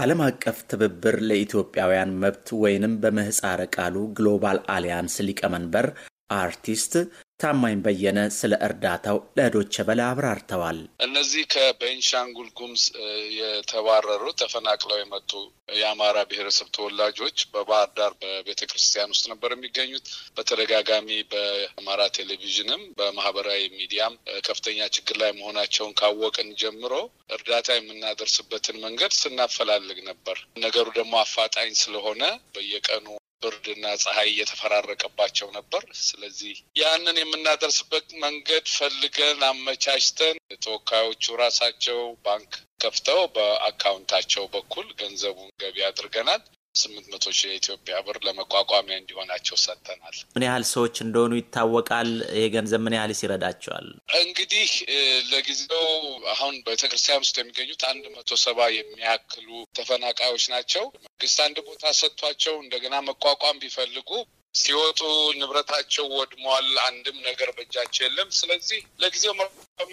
ዓለም አቀፍ ትብብር ለኢትዮጵያውያን መብት ወይንም በምህፃረ ቃሉ ግሎባል አሊያንስ ሊቀመንበር አርቲስት ታማኝ በየነ ስለ እርዳታው ለዶቼ ቬለ አብራርተዋል። እነዚህ ከቤንሻንጉል ጉምዝ የተባረሩ ተፈናቅለው የመጡ የአማራ ብሔረሰብ ተወላጆች በባህር ዳር በቤተ ክርስቲያን ውስጥ ነበር የሚገኙት። በተደጋጋሚ በአማራ ቴሌቪዥንም በማህበራዊ ሚዲያም ከፍተኛ ችግር ላይ መሆናቸውን ካወቅን ጀምሮ እርዳታ የምናደርስበትን መንገድ ስናፈላልግ ነበር። ነገሩ ደግሞ አፋጣኝ ስለሆነ በየቀኑ ብርድና ፀሐይ እየተፈራረቀባቸው ነበር። ስለዚህ ያንን የምናደርስበት መንገድ ፈልገን አመቻችተን ተወካዮቹ ራሳቸው ባንክ ከፍተው በአካውንታቸው በኩል ገንዘቡን ገቢ አድርገናል። ስምንት መቶ ሺህ የኢትዮጵያ ብር ለመቋቋሚያ እንዲሆናቸው ሰጥተናል። ምን ያህል ሰዎች እንደሆኑ ይታወቃል። ይሄ ገንዘብ ምን ያህልስ ይረዳቸዋል? እንግዲህ ለጊዜው አሁን ቤተክርስቲያን ውስጥ የሚገኙት አንድ መቶ ሰባ የሚያክሉ ተፈናቃዮች ናቸው። መንግስት አንድ ቦታ ሰጥቷቸው እንደገና መቋቋም ቢፈልጉ ሲወጡ ንብረታቸው ወድሟል። አንድም ነገር በእጃቸው የለም። ስለዚህ ለጊዜው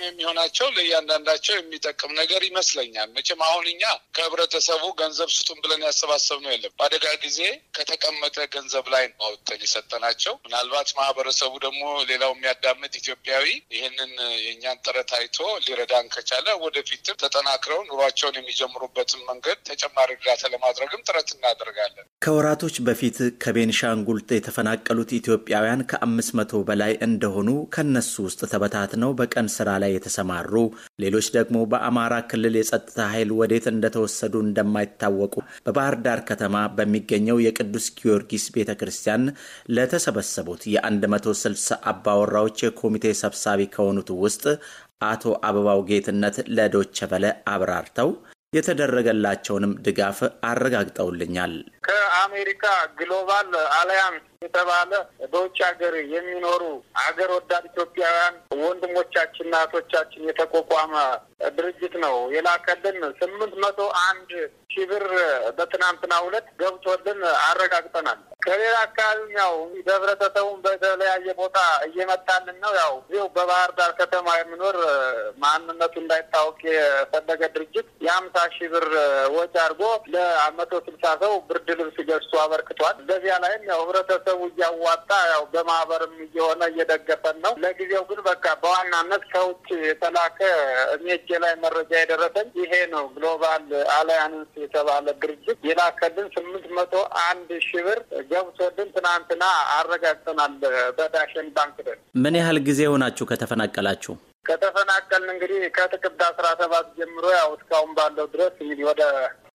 የሚሆናቸው ለእያንዳንዳቸው የሚጠቅም ነገር ይመስለኛል። መቼም አሁን እኛ ከህብረተሰቡ ገንዘብ ስጡን ብለን ያሰባሰብነው የለም። በአደጋ ጊዜ ከተቀመጠ ገንዘብ ላይ ነው አውጥተን የሰጠናቸው። ምናልባት ማህበረሰቡ ደግሞ ሌላው የሚያዳምጥ ኢትዮጵያዊ ይህንን የእኛን ጥረት አይቶ ሊረዳን ከቻለ ወደፊትም ተጠናክረው ኑሯቸውን የሚጀምሩበትን መንገድ ተጨማሪ እርዳታ ለማድረግም ጥረት እናደርጋለን። ከወራቶች በፊት ከቤንሻንጉል የተፈናቀሉት ኢትዮጵያውያን ከ500 በላይ እንደሆኑ ከነሱ ውስጥ ተበታትነው በቀን ስራ ላይ የተሰማሩ ሌሎች ደግሞ በአማራ ክልል የጸጥታ ኃይል ወዴት እንደተወሰዱ እንደማይታወቁ በባህር ዳር ከተማ በሚገኘው የቅዱስ ጊዮርጊስ ቤተ ክርስቲያን ለተሰበሰቡት የ160 አባወራዎች የኮሚቴ ሰብሳቢ ከሆኑት ውስጥ አቶ አበባው ጌትነት ለዶቸበለ አብራርተው የተደረገላቸውንም ድጋፍ አረጋግጠውልኛል። ከአሜሪካ ግሎባል አሊያንስ የተባለ በውጭ ሀገር የሚኖሩ ሀገር ወዳድ ኢትዮጵያውያን ወንድሞቻችን እህቶቻችን የተቋቋመ ድርጅት ነው የላከልን ስምንት መቶ አንድ ሺህ ብር በትናንትና ሁለት ገብቶልን አረጋግጠናል። ከሌላ አካባቢም ያው በህብረተሰቡም በተለያየ ቦታ እየመጣልን ነው። ያው እዚሁ በባህር ዳር ከተማ የሚኖር ማንነቱ እንዳይታወቅ የፈለገ ድርጅት የአምሳ ሺ ብር ወጪ አድርጎ ለመቶ ስልሳ ሰው ብርድ ልብስ ገዝቶ አበርክቷል። በዚያ ላይም ያው ህብረተሰቡ እያዋጣ ያው በማህበርም እየሆነ እየደገፈን ነው። ለጊዜው ግን በቃ በዋናነት ከውጭ የተላከ እኔጄ ላይ መረጃ የደረሰኝ ይሄ ነው። ግሎባል አላያንስ የተባለ ድርጅት የላከልን ስምንት መቶ አንድ ሺ ብር ገብቶልን ትናንትና አረጋግጠናል በዳሽን ባንክ ምን ያህል ጊዜ ሆናችሁ ከተፈናቀላችሁ? ከተፈናቀልን እንግዲህ ከጥቅምት አስራ ሰባት ጀምሮ ያው እስካሁን ባለው ድረስ እንግዲህ ወደ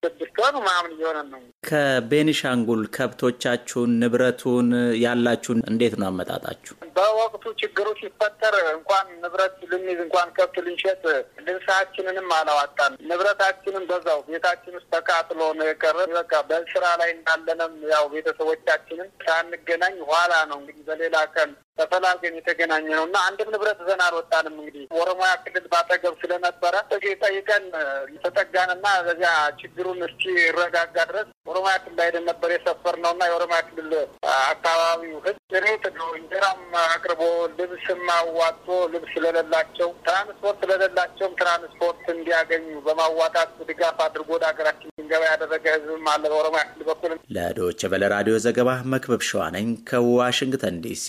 ስድስት ወር ምናምን እየሆነ ነው። ከቤኒሻንጉል ከብቶቻችሁን፣ ንብረቱን ያላችሁን እንዴት ነው አመጣጣችሁ? በወቅቱ ችግሩ ሲፈጠር እንኳን ንብረት ልንይዝ እንኳን ከብት ልንሸጥ ልብሳችንንም አላዋጣን። ንብረታችንም በዛው ቤታችን ውስጥ ተቃጥሎ ነው የቀረ። በቃ በስራ ላይ እንዳለንም ያው ቤተሰቦቻችንም ሳንገናኝ ኋላ ነው እንግዲህ በሌላ ቀን ተፈላልገን የተገናኘ ነው እና አንድም ንብረት ዘን አልወጣንም። እንግዲህ ኦሮሞያ ክልል ባጠገብ ስለነበረ ጠይቀን ተጠጋን እና በዚያ ችግሩን እስኪ ይረጋጋ ድረስ ኦሮሞያ ክልል አይደል ነበር የሰፈር ነው እና የኦሮሞያ ክልል አካባቢው ሕዝብ ሬት እንጀራም አቅርቦ ልብስም አዋጥቶ ልብስ ስለሌላቸው ትራንስፖርት ስለሌላቸውም ትራንስፖርት እንዲያገኙ በማዋጣት ድጋፍ አድርጎ ወደ ሀገራችን እንገባ ያደረገ ህዝብም አለ በኦሮሞያ ክልል በኩል። ለዶይቼ ቬለ ራዲዮ ዘገባ መክበብ ሸዋነኝ ከዋሽንግተን ዲሲ